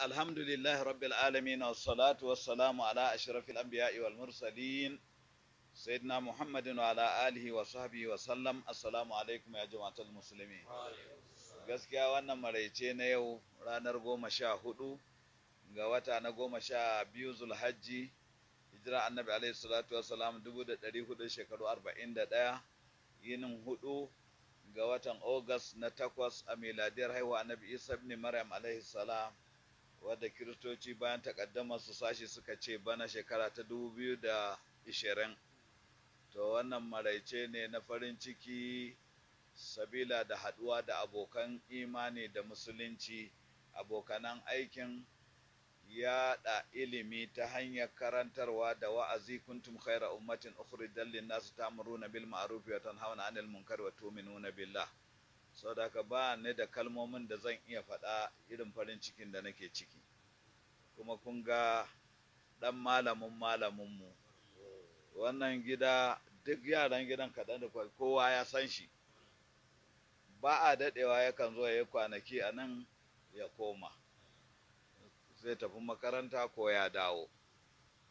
الحمد لله رب العالمين والصلاة والسلام على أشرف الأنبياء والمرسلين سيدنا محمد وعلى آله وصحبه وسلم السلام عليكم يا جماعة المسلمين gaskiya wannan maraice na yau ranar goma sha hudu ga wata na goma sha biyu zulhajji hijira annabi alaihi salatu wasalam dubu da ɗari hudu shekaru arba'in da ɗaya yinin hudu ga watan Ogas na takwas a miladiyar haihuwa annabi Isa ibn Maryam alaihi salam wadda kiristoci bayan takaddama su sashi suka ce bana shekara ta 2020 to wannan maraice ne na farin ciki sabila da haduwa da abokan imani da musulunci abokanan aikin yaɗa ilimi ta hanyar karantarwa da wa'azi kuntum khaira ummatin ukhrijal lin nas ta'muruna bil ma'ruf wa tanhauna 'anil munkar wa tu'minuna billah saboda ka ba ni da kalmomin da zan iya faɗa irin farin cikin da nake ciki kuma kun ga ɗan malamin malaminmu wannan gida duk yaran gidan kaɗan da kowa ya san shi ba a daɗewa yakan zo ya kwanaki a nan ya koma zai tafi makaranta ko ya dawo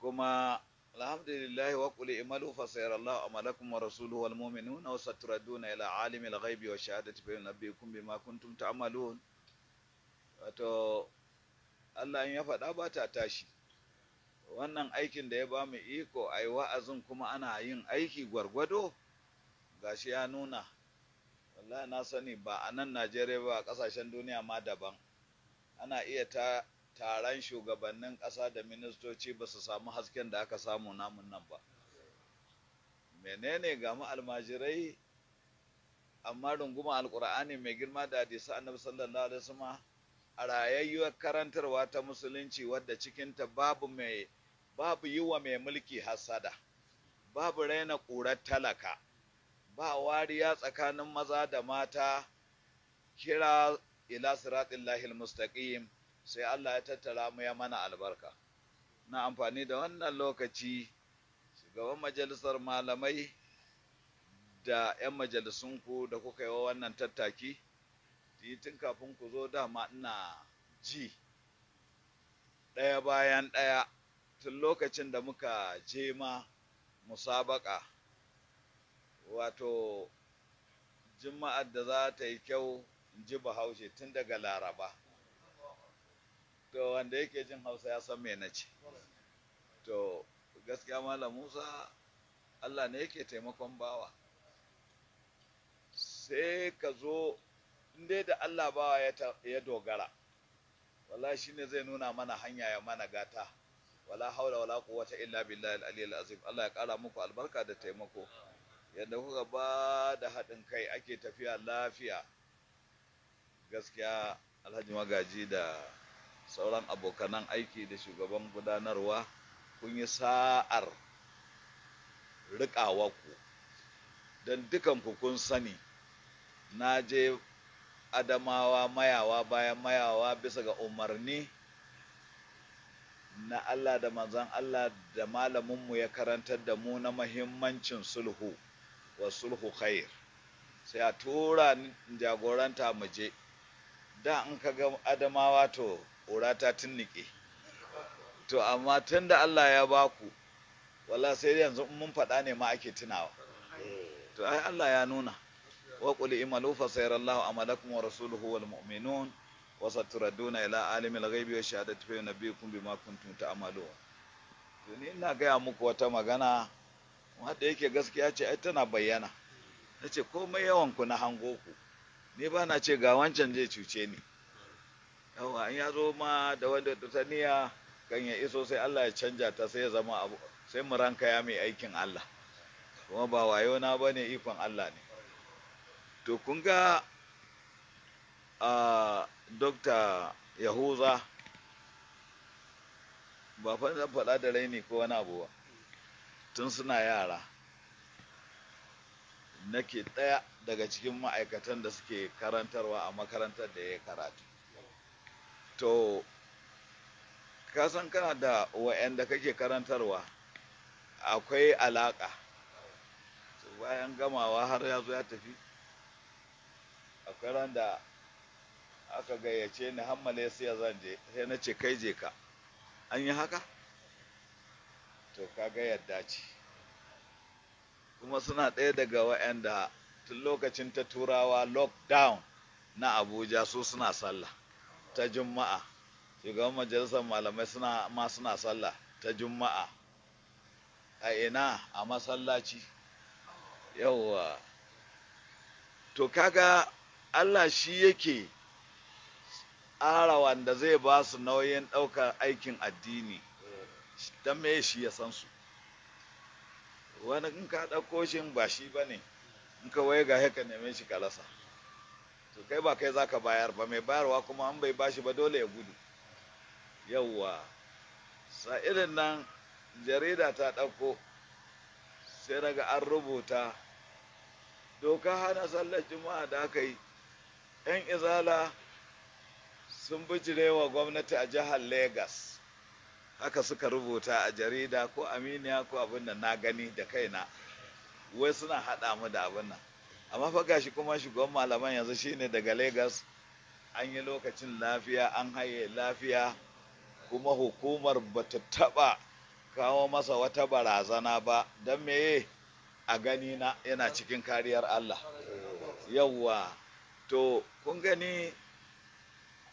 kuma alhamdulillahi wa qul imalu fa sayarallahu amalakum wa rasuluhu wal mu'minuna wa saturaduna ila alimil ghaibi wa shahadati fa yunabbiukum bima kuntum ta'malun wato Allah ya faɗa ba ta tashi wannan aikin da ya bamu mu iko ai wa'azin kuma ana yin aiki gwargwado gashi ya nuna wallahi na sani ba a nan Najeriya ba a kasashen duniya ma daban ana iya ta taron shugabannin ƙasa da ministoci ba su samu hasken da aka samu namun nan ba menene ga almajirai amma runguma alkur'ani mai girma da hadisi annabi sallallahu alaihi wasallam a rayayyuwar karantarwa ta musulunci wadda cikinta babu mai babu yi wa mai mulki hasada babu raina ƙurar talaka ba wariya tsakanin maza da mata kira ila siratin lahil mustaqim sai Allah ya tattara mu ya mana albarka na amfani da wannan lokaci shugaban majalisar malamai da 'yan majalisunku da kuka yi wa wannan tattaki tun kafin ku zo dama ina ji ɗaya bayan ɗaya tun lokacin da muka je ma musabaka wato juma'ar da za ta yi kyau in ji bahaushe tun daga laraba to wanda yake jin hausa ya san mai na ce to gaskiya malam musa allah ne yake taimakon bawa sai ka zo inda da allah bawa ya dogara wala shi ne zai nuna mana hanya ya mana gata wala haula wala quwwata illa billahi al-aliyyil azim allah ya kara muku albarka da taimako yadda kuka ba da haɗin kai ake tafiya lafiya gaskiya alhaji magaji da sauran abokanan aiki da shugaban gudanarwa kun yi sa'ar rikawar ku don dukanku kun sani na je adamawa mayawa bayan mayawa bisa ga umarni na Allah da manzan Allah da malaminmu ya karantar da mu na mahimmancin sulhu wa sulhu khair sai a tura jagoranta mu je da in ka adamawa to orata ta tunnike to amma tun da Allah ya baku wala sai yanzu mun faɗa ne ma ake tunawa to ai Allah ya nuna wa qul imalu fa Allah amalakum wa rasuluhu wal mu'minun wa saturaduna ila alimil ghaibi wa shahadati fa yunabbiukum bima kuntum ta'malu to ni ina gaya muku wata magana wanda yake gaskiya ce ai tana bayyana nace komai yawan ku na hango ku ni ba na ce ga wancan zai cuce ni yawa in ya zo ma da wanda ta kan ya iso sai Allah ya canja ta sai ya zama abu sai mu ranka ya mai aikin Allah kuma ba wayo na bane ikon Allah ne to kun ga a Dr. Yahuza ba fa zan faɗa da raini ko wani abu ba tun suna yara nake ɗaya daga cikin ma'aikatan da suke karantarwa a makarantar da ya karatu to kasan kana da wa'anda kake karantarwa akwai alaƙa bayan gamawa har ya zo ya tafi akwai ran aka gayyace ni hammale sai ya zan je sai na ce kai je ka an yi haka to kaga yadda ce kuma suna ɗaya daga wa'anda tun lokacin ta turawa lockdown na abuja su suna sallah ta juma'a shugaban majalisar malamai suna ma suna sallah ta juma'a a ina a masallaci yawwa to kaga allah shi yake tsara wanda zai ba su nauyin ɗaukar aikin addini don me shi ya san su wani in ka ɗauko shi ba shi ba ne in ka waye ga haka neme shi kalasa rasa to kai ba kai zaka bayar ba mai bayarwa kuma an bai bashi ba dole ya gudu yawwa sa irin nan jarida ta ɗauko sai daga an rubuta doka hana sallar juma'a da aka yi 'yan izala sun wa gwamnati a jihar Legas haka suka rubuta a jarida ko aminiya ko abin da na gani da kaina wai suna haɗa mu da abin nan amma fa gashi kuma shugaban malaman yanzu shine daga Lagos an yi lokacin lafiya an haye lafiya kuma hukumar bata taba kawo masa wata barazana ba don meye a gani na yana cikin kariyar Allah yawwa to kun gani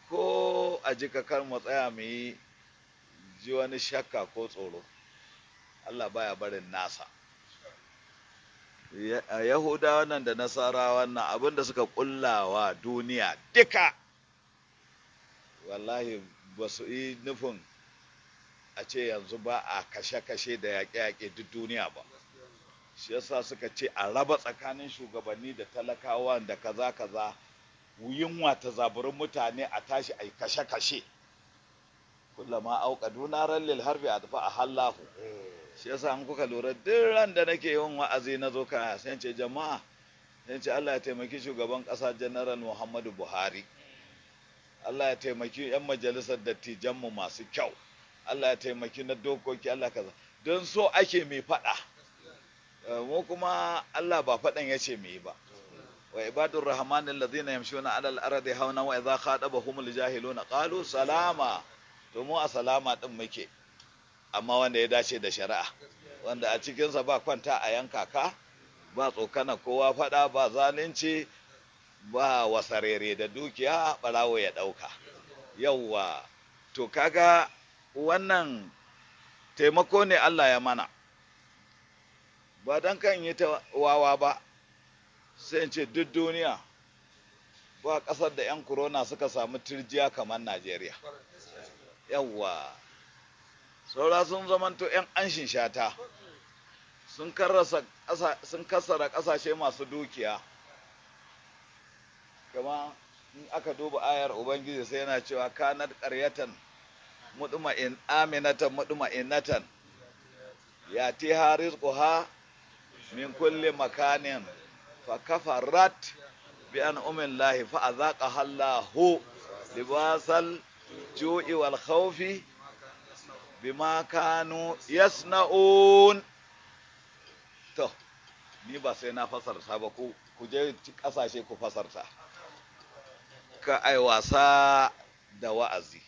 ko a jika kar mu tsaya mu yi ji wani shakka ko tsoro Allah baya barin nasa Yahudawa nan da Nasarawa nan abin da suka kullawa duniya duka wallahi ba su yi nufin a ce yanzu ba a kashe-kashe da yaƙe-yaƙe duk duniya ba shi yasa suka ce a raba tsakanin shugabanni da talakawa da kaza-kaza yunwa ta zaburin mutane a tashi a yi kashe-kashe kullama auka ran lil harbi a tafi a hallahu shi yasa an kuka lura duk ran da nake yin wa'azi na zo kaya sai ce jama'a sai ce Allah ya taimaki shugaban kasa Janaral Muhammadu Buhari Allah ya taimaki 'yan majalisar dattijan mu masu kyau Allah ya taimaki na dokoki Allah kaza don so ake mai faɗa eh, mu kuma Allah ba faɗan yace mai ba wa ibadur rahman alladhina yamshuna ala al-ardi hauna wa idha khatabahum al-jahiluna qalu salama to mu a salama din muke amma wanda ya dace da shari'a wanda a cikinsa ba kwanta a yanka ka ba tsokana kowa fada ba zalunci ba wasarere da dukiya barawo ya dauka yauwa to kaga wannan taimako ne Allah ya mana ba don kan yi ta wawa ba sai ce duk duniya ba ƙasar da 'yan corona suka samu turjiya kamar najeriya yawwa saura sun zamanto 'yan anshin shata sun kasara kasashe masu dukiya kama in aka duba ayar ubangiji sai yana cewa kanar ƙaryatan mutuma'in aminatan mutuma'inatan ya ti ha min kulle makanin fa kafarat bi an umin lahi fa a zaƙa hallahu libasal ju'i wal bima kanu yasna'un to ni ba sai na fasarta ba ku ku je kasashe ku fasarta ka ai wasa da wa'azi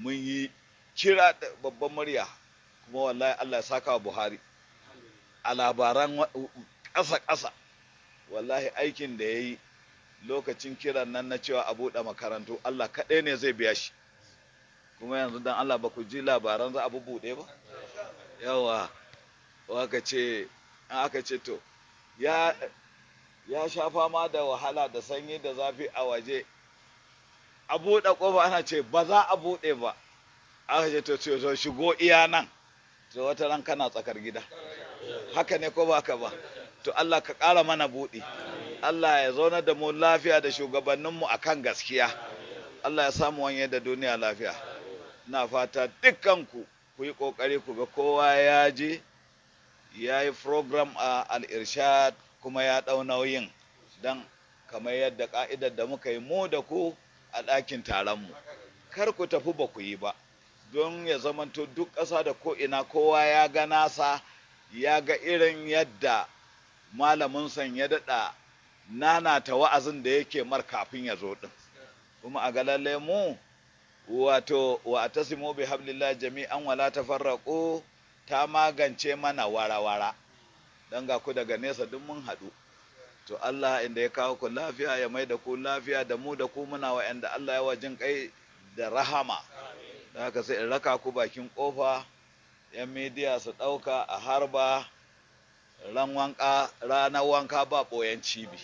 mun yi kira da babban murya kuma wallahi Allah ya saka wa Buhari a labaran ƙasa-ƙasa wallahi aikin da ya yi lokacin kiran nan na cewa a buɗe makarantu Allah kaɗai ne zai biya shi kuma yanzu dan Allah ba ku ji labaran za a bubuɗe ba yawa aka ce an aka ce to ya ya sha fama da wahala da sanyi da zafi a waje a buɗe ƙofa ana ce ba za a buɗe ba aka ce to to shigo iya nan to wata ran kana tsakar gida haka ne ko baka ba to Allah ka ƙara mana buɗi Allah ya zauna da mu lafiya da shugabanninmu akan gaskiya Allah ya samu wani da duniya lafiya na fata dukkanku ku yi ƙoƙari ku ga kowa ya je ya yi program a al'irshad kuma ya ɗau nauyin don kamar yadda ƙa'idar da muka yi mu da ku a ɗakin taronmu kar ku tafi ba ku yi ba don ya zamanto duk ƙasa da ko'ina kowa ya ga nasa ya ga irin yadda malamin san ya daɗa nana ta wa'azin da yake mar kafin ya zo ɗin kuma a ga lallai mu wato wa tasimu bi hablillah jami'an wala ta farrako, ta magance mana warawara dan ga ku daga nesa duk mun haɗu to Allah inda ya kawo ku lafiya ya mai da ku lafiya da mu da ku muna wa yanda Allah ya wajin kai da rahama da haka sai in raka ku bakin kofa yan midiya su ɗauka a harba ran wanka ranar wanka ba ɓoyan cibi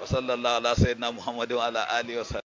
wa sallallahu ala sayyidina muhammadin ala alihi wa